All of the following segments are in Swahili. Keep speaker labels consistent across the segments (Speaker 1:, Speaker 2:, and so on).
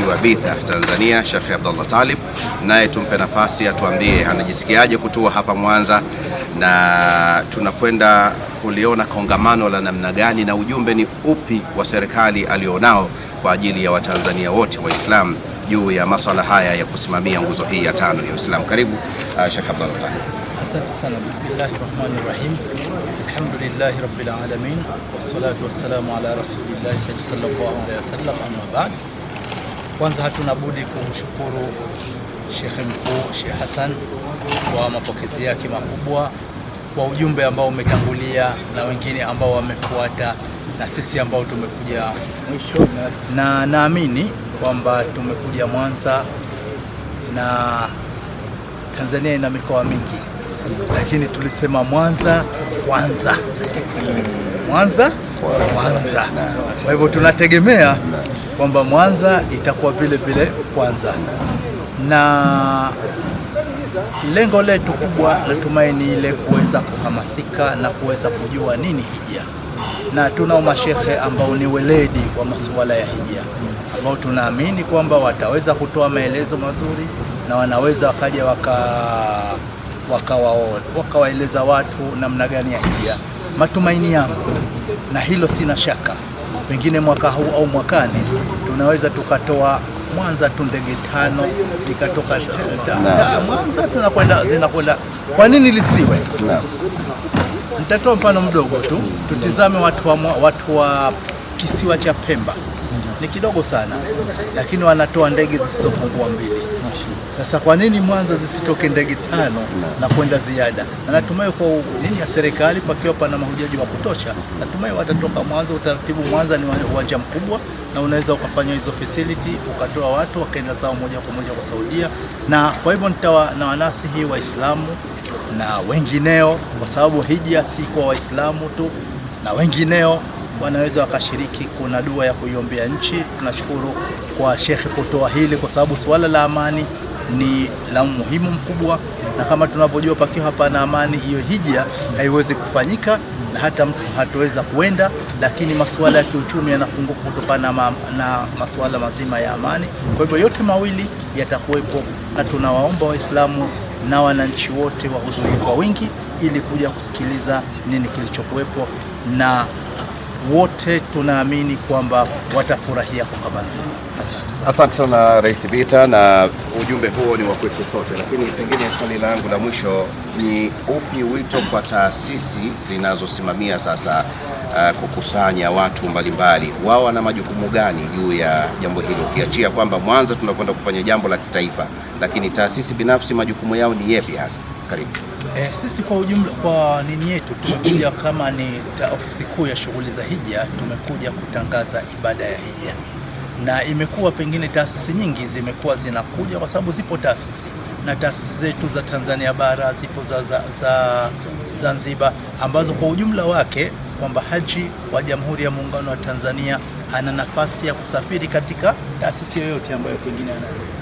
Speaker 1: wa Bitha Tanzania Sheikh Abdullah Talib, naye tumpe nafasi atuambie anajisikiaje kutua hapa Mwanza na tunakwenda kuliona kongamano la namna gani na ujumbe ni upi wa serikali alionao kwa ajili ya Watanzania wote Waislamu juu ya masuala haya ya kusimamia nguzo hii ya tano ya Uislamu. Karibu uh, Sheikh Abdullah Talib.
Speaker 2: Asante sana. Bismillahir Rahmanir Rahim. Alhamdulillahi Rabbil Alamin. Wassalatu wassalamu ala Rasulillahi sallallahu alayhi wasallam amma ba'd. Kwanza hatuna budi kumshukuru Shekhe Mkuu Sheikh Hassan kwa mapokezi yake makubwa, kwa ujumbe ambao umetangulia na wengine ambao wamefuata na sisi ambao tumekuja mwisho, na naamini kwamba tumekuja Mwanza na Tanzania ina mikoa mingi, lakini tulisema Mwanza kwanza, Mwanza kwanza. Kwa hivyo tunategemea kwamba Mwanza itakuwa vile vile kwanza, na lengo letu kubwa natumaini ile kuweza kuhamasika na kuweza kujua nini hija, na tunao mashehe ambao ni weledi wa masuala ya hija ambao tunaamini kwamba wataweza kutoa maelezo mazuri na wanaweza wakaja wakawaeleza waka watu namna gani ya hija. Matumaini yangu na hilo sina shaka pengine mwaka huu au mwakani tunaweza tukatoa Mwanza tu ndege tano zikatoka Mwanza zinakwenda zinakwenda. Kwa nini lisiwe? Nitatoa mfano mdogo tu, tutizame watu wa, watu wa kisiwa cha Pemba ni kidogo sana, lakini wanatoa ndege zisizopungua mbili sasa kwa nini Mwanza zisitoke ndege tano na kwenda ziada? Na natumai kwa nini ya serikali pakiwa pana mahujaji wa kutosha, natumai watatoka Mwanza. Utaratibu Mwanza ni uwanja mkubwa, na unaweza ukafanya hizo facility ukatoa watu wakaenda zao moja kwa moja kwa Saudia, na kwa hivyo nitawa na wanasihi Waislamu na wengineo, kwa sababu hija si kwa Waislamu tu na wengineo wanaweza wakashiriki. Kuna dua ya kuiombea nchi. Tunashukuru kwa shekhe kutoa hili, kwa sababu suala la amani ni la muhimu mkubwa, na kama tunavyojua, pakiwa hapana amani, hiyo hija haiwezi kufanyika na hata mtu hataweza kuenda, lakini masuala ya kiuchumi yanafunguka kutokana na, na masuala mazima ya amani. Kwa hivyo yote mawili yatakuwepo, na tunawaomba Waislamu na wananchi wote wahudhurie kwa wingi ili kuja kusikiliza nini kilichokuwepo na wote tunaamini kwamba watafurahia kongamano hili.
Speaker 1: Asante, asante sana Rais Bita, na ujumbe huo ni wa kwetu sote, lakini pengine swali langu la mwisho ni upi wito kwa taasisi zinazosimamia sasa uh, kukusanya watu mbalimbali, wao wana majukumu gani juu ya jambo hilo, ukiachia kwamba Mwanza tunakwenda kufanya jambo la kitaifa, lakini taasisi binafsi majukumu yao ni yepi hasa? Karibu.
Speaker 2: Eh, sisi kwa ujumla kwa nini yetu tumekuja kama ni ofisi kuu ya shughuli za hija, tumekuja kutangaza ibada ya hija, na imekuwa pengine taasisi nyingi zimekuwa zinakuja kwa sababu zipo taasisi na taasisi zetu za Tanzania bara zipo za, za, za Zanzibar ambazo kwa ujumla wake kwamba haji wa Jamhuri ya Muungano wa Tanzania ana nafasi ya kusafiri katika taasisi yoyote ambayo pengine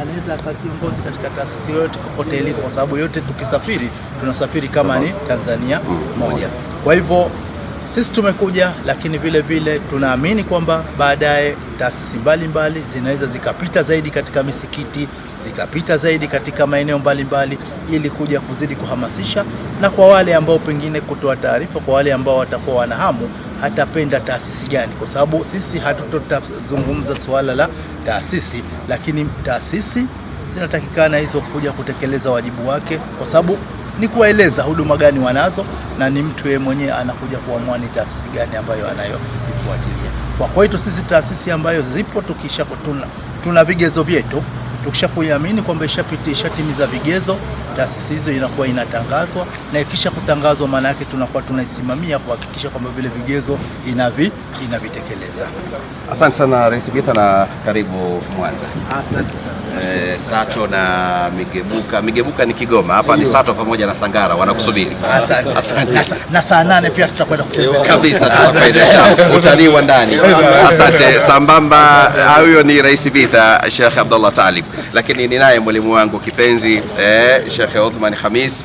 Speaker 2: anaweza akakiongozi katika taasisi yoyote kokote ile, kwa sababu yote tukisafiri tunasafiri kama ni Tanzania moja. Kwa hivyo sisi tumekuja, lakini vile vile tunaamini kwamba baadaye taasisi mbalimbali zinaweza zikapita zaidi katika misikiti zikapita zaidi katika maeneo mbalimbali ili kuja kuzidi kuhamasisha, na kwa wale ambao pengine kutoa taarifa kwa wale ambao watakuwa wanahamu atapenda taasisi gani, kwa sababu sisi hatutotazungumza suala la taasisi, lakini taasisi zinatakikana hizo kuja kutekeleza wajibu wake, kwa sababu ni kuwaeleza huduma gani wanazo, na ni mtu yeye mwenyewe anakuja kuamua ni taasisi gani ambayo anayoifuatilia. Kwa kwetu sisi taasisi ambayo zipo tukisha kutuna, tuna vigezo vyetu Tukishakuiamini kwamba ishatimiza vigezo, taasisi hizo inakuwa inatangazwa, na ikisha kutangazwa, maana yake tunakuwa tunaisimamia kuhakikisha kwamba vile vigezo inavi inavitekeleza.
Speaker 1: Asante sana Rais Bitha na karibu Mwanza. Asante sana. Eh, Sato na Migebuka. Migebuka ni Kigoma, hapa ni Sato pamoja na Sangara wanakusubiri.
Speaker 2: Asante. Na saa nane pia tutakwenda kutembea
Speaker 1: kabisa, tutakwenda utalii wa ndani. Asante. Sambamba, eh, huyo ni Rais Bitha Sheikh Abdullah Talib, lakini ni naye mwalimu wangu kipenzi eh, Sheikh Uthman Khamis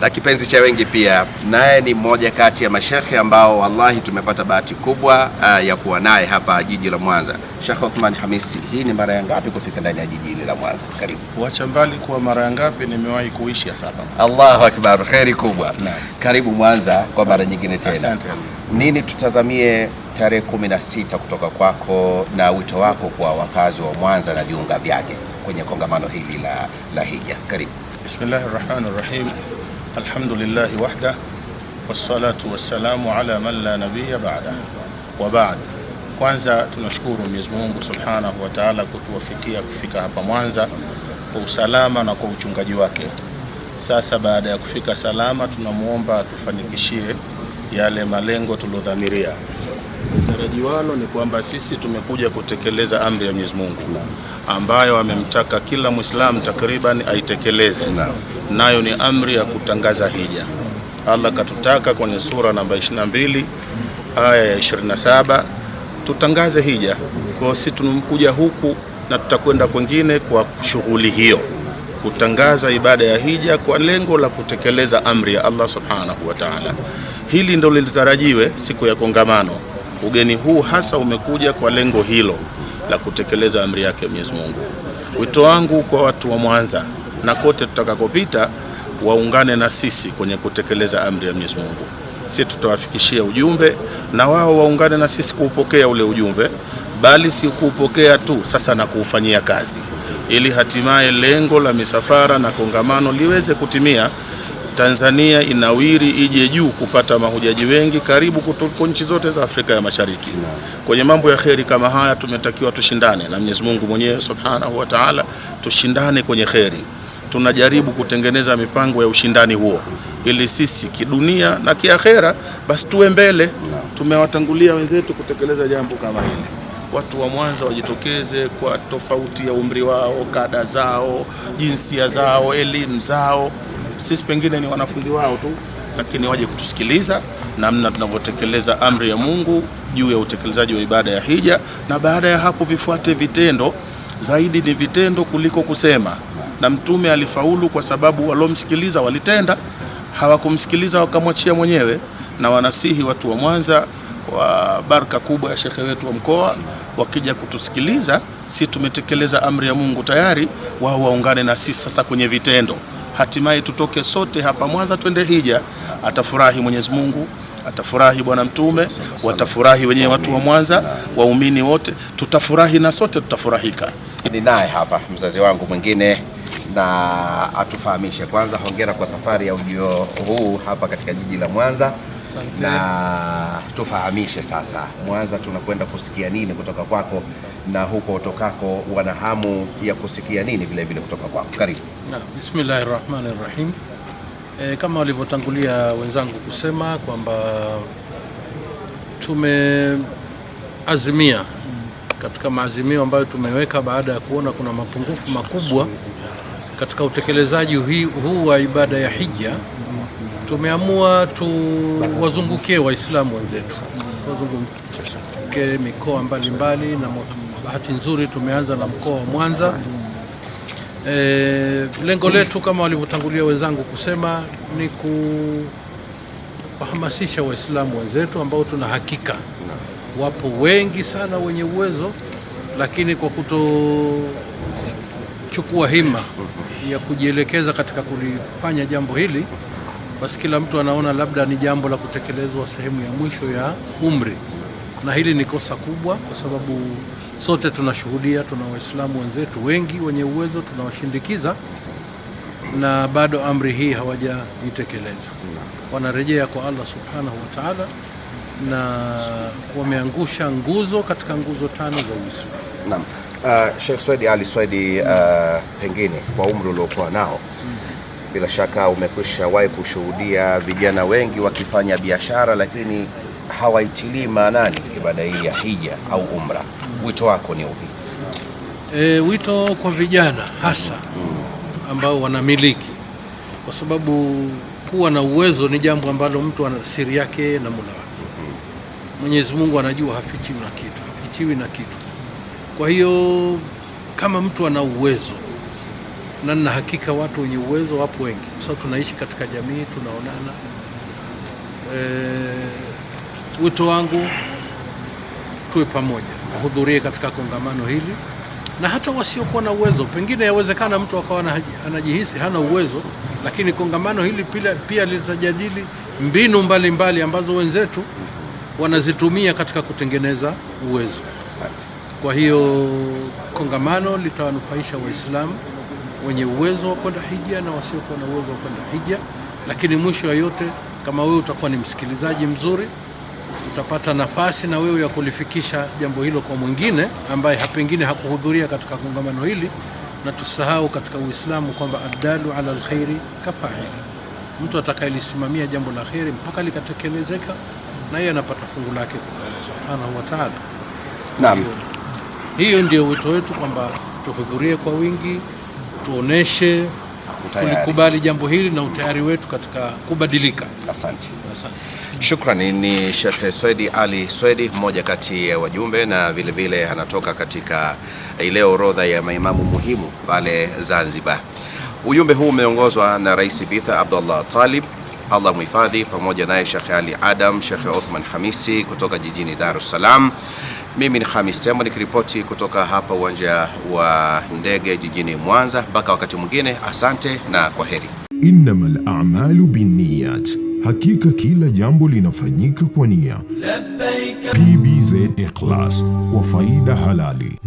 Speaker 1: na kipenzi cha wengi pia, naye ni mmoja kati ya mashekhe ambao wallahi tumepata bahati kubwa uh, ya kuwa naye hapa jiji la Mwanza, Sheikh Othman Hamisi. Hii ni mara ya ngapi kufika ndani ya jiji hili la Mwanza? Karibu.
Speaker 2: Wacha mbali kuwa mara ya ngapi, nimewahi kuishi ya saba.
Speaker 1: Allahu akbar, kheri kubwa na. Karibu Mwanza kwa mara nyingine tena. Asante. Nini tutazamie tarehe sita kutoka kwako na wito wako kwa wakazi wa Mwanza na viunga vyake kwenye kongamano hili la, la hija? Karibu.
Speaker 2: Bismillahir Rahmanir Rahim. Alhamdulillah wahda wassalatu wassalamu ala man la nabiyya ba'da wa ba'd. Kwanza tunashukuru Mwenyezi Mungu Subhanahu wa Ta'ala kutuwafikia kufika hapa Mwanza kwa usalama na kwa uchungaji wake. Sasa baada ya kufika salama, tunamwomba tufanikishie yale malengo tuliodhamiria. Taraji ni kwamba sisi tumekuja kutekeleza amri ya Mwenyezi Mungu ambayo amemtaka kila Muislamu takriban aitekeleze, nayo ni amri ya kutangaza hija. Allah katutaka kwenye sura namba 22 aya ya 27 tutangaze hija. Kwa sisi tumekuja huku na tutakwenda kwengine kwa shughuli hiyo, kutangaza ibada ya hija kwa lengo la kutekeleza amri ya Allah subhanahu wa ta'ala. Hili ndo lilitarajiwe siku ya kongamano Ugeni huu hasa umekuja kwa lengo hilo la kutekeleza amri yake Mwenyezi Mungu. Wito wangu kwa watu wa Mwanza na kote tutakakopita, waungane na sisi kwenye kutekeleza amri ya Mwenyezi Mungu. Sisi tutawafikishia ujumbe na wao waungane na sisi kuupokea ule ujumbe, bali si kuupokea tu, sasa na kuufanyia kazi, ili hatimaye lengo la misafara na kongamano liweze kutimia. Tanzania inawiri ije juu kupata mahujaji wengi karibu kutoka nchi zote za Afrika ya Mashariki. Kwenye mambo ya kheri kama haya tumetakiwa tushindane na Mwenyezi Mungu mwenyewe Subhanahu wa Ta'ala, tushindane kwenye kheri. Tunajaribu kutengeneza mipango ya ushindani huo ili sisi kidunia na kiakhera basi tuwe mbele. Tumewatangulia wenzetu kutekeleza jambo kama hili. Watu wa Mwanza wajitokeze kwa tofauti ya umri wao, kada zao, jinsia zao, elimu zao sisi pengine ni wanafunzi wao tu, lakini waje kutusikiliza namna tunavyotekeleza amri ya Mungu juu ya utekelezaji wa ibada ya hija, na baada ya hapo vifuate vitendo. Zaidi ni vitendo kuliko kusema, na Mtume alifaulu kwa sababu walomsikiliza walitenda, hawakumsikiliza wakamwachia mwenyewe. Na wanasihi watu wa Mwanza kwa baraka kubwa ya shekhe wetu wa mkoa, wakija kutusikiliza, si tumetekeleza amri ya Mungu tayari, wao waungane na sisi sasa kwenye vitendo hatimaye tutoke sote hapa Mwanza twende hija. Atafurahi Mwenyezi Mungu, atafurahi Bwana Mtume, watafurahi wenyewe watu wa Mwanza, waumini wote tutafurahi na sote tutafurahika.
Speaker 1: Ni naye hapa mzazi wangu mwingine na atufahamishe kwanza. Hongera kwa safari ya ujio huu hapa katika jiji la Mwanza. Asante. Na tufahamishe sasa, Mwanza tunakwenda kusikia nini kutoka kwako na huko utokako, wana hamu ya kusikia nini vile vile kutoka kwako? Karibu.
Speaker 3: Na bismillahir rahmanir rahim. E, eh, kama walivyotangulia wenzangu kusema kwamba tumeazimia katika maazimio ambayo tumeweka baada ya kuona kuna mapungufu makubwa katika utekelezaji huu wa ibada ya hija tumeamua tuwazungukie Waislamu wenzetu, wazunguke mikoa mbalimbali mbali, na bahati nzuri tumeanza na mkoa wa Mwanza. E, lengo letu kama walivyotangulia wenzangu kusema ni kuwahamasisha Waislamu wenzetu ambao tuna hakika wapo wengi sana wenye uwezo, lakini kwa kutochukua hima ya kujielekeza katika kulifanya jambo hili basi kila mtu anaona labda ni jambo la kutekelezwa sehemu ya mwisho ya umri, na hili ni kosa kubwa, kwa sababu sote tunashuhudia, tuna Waislamu wenzetu wengi wenye uwezo tunawashindikiza, na bado amri hii hawajaitekeleza. Wanarejea kwa Allah subhanahu wa taala na wameangusha nguzo katika nguzo tano za Uislamu.
Speaker 1: Naam. Uh, Sheikh Swedi Ali Swedi, uh, pengine kwa umri uliokuwa nao mm. Bila shaka umekwisha wahi kushuhudia vijana wengi wakifanya biashara, lakini hawaitilii maanani ibada hii ya hija au umra. Wito wako ni upi?
Speaker 3: E, wito kwa vijana hasa mm. ambao wanamiliki, kwa sababu kuwa na uwezo ni jambo ambalo mtu ana siri yake na Mola wake. Mm-hmm. Mwenyezi Mungu anajua, hafichiwi na kitu, hafichiwi na kitu. Kwa hiyo kama mtu ana uwezo na nina hakika watu wenye uwezo wapo wengi, kwa sababu tunaishi katika jamii tunaonana. E, wito wangu tuwe pamoja, wahudhurie katika kongamano hili na hata wasiokuwa na uwezo. Pengine yawezekana mtu akawa anajihisi hana uwezo, lakini kongamano hili pia, pia litajadili mbinu mbalimbali mbali ambazo wenzetu wanazitumia katika kutengeneza uwezo. Asante. Kwa hiyo kongamano litawanufaisha Waislamu wenye uwezo wa kwenda hija na wasiokuwa na uwezo wa kwenda hija. Lakini mwisho wa yote, kama wewe utakuwa ni msikilizaji mzuri, utapata nafasi na wewe ya kulifikisha jambo hilo kwa mwingine ambaye pengine hakuhudhuria katika kongamano hili. Na tusahau katika Uislamu kwamba adalu ala alkhairi kafaili, mtu atakayelisimamia jambo la kheri mpaka likatekelezeka na yeye anapata fungu lake kwa Allah subhanahu wa taala. Naam, hiyo ndio wito wetu kwamba tuhudhurie kwa wingi tuoneshe kulikubali jambo hili na utayari wetu katika kubadilika.
Speaker 1: Asante, asante. Shukrani. Ni Sheikh Swedi Ali Swedi, mmoja kati ya wajumbe na vilevile vile anatoka katika ile orodha ya maimamu muhimu pale Zanzibar. Ujumbe huu umeongozwa na Rais Bitha Abdullah Talib Allah muhifadhi, pamoja naye Sheikh Ali Adam, Sheikh Othman Hamisi kutoka jijini Dar es Salaam. Mimi ni Hamis Tembo nikiripoti kutoka hapa uwanja wa ndege jijini Mwanza. Mpaka wakati mwingine, asante na kwa heri. Innamal a'malu binniyat, hakika kila jambo linafanyika kwa nia. PBZ Ikhlas, kwa faida halali.